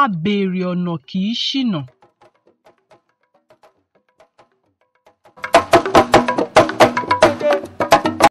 A Abèrè ọ̀nà kì í ṣìnà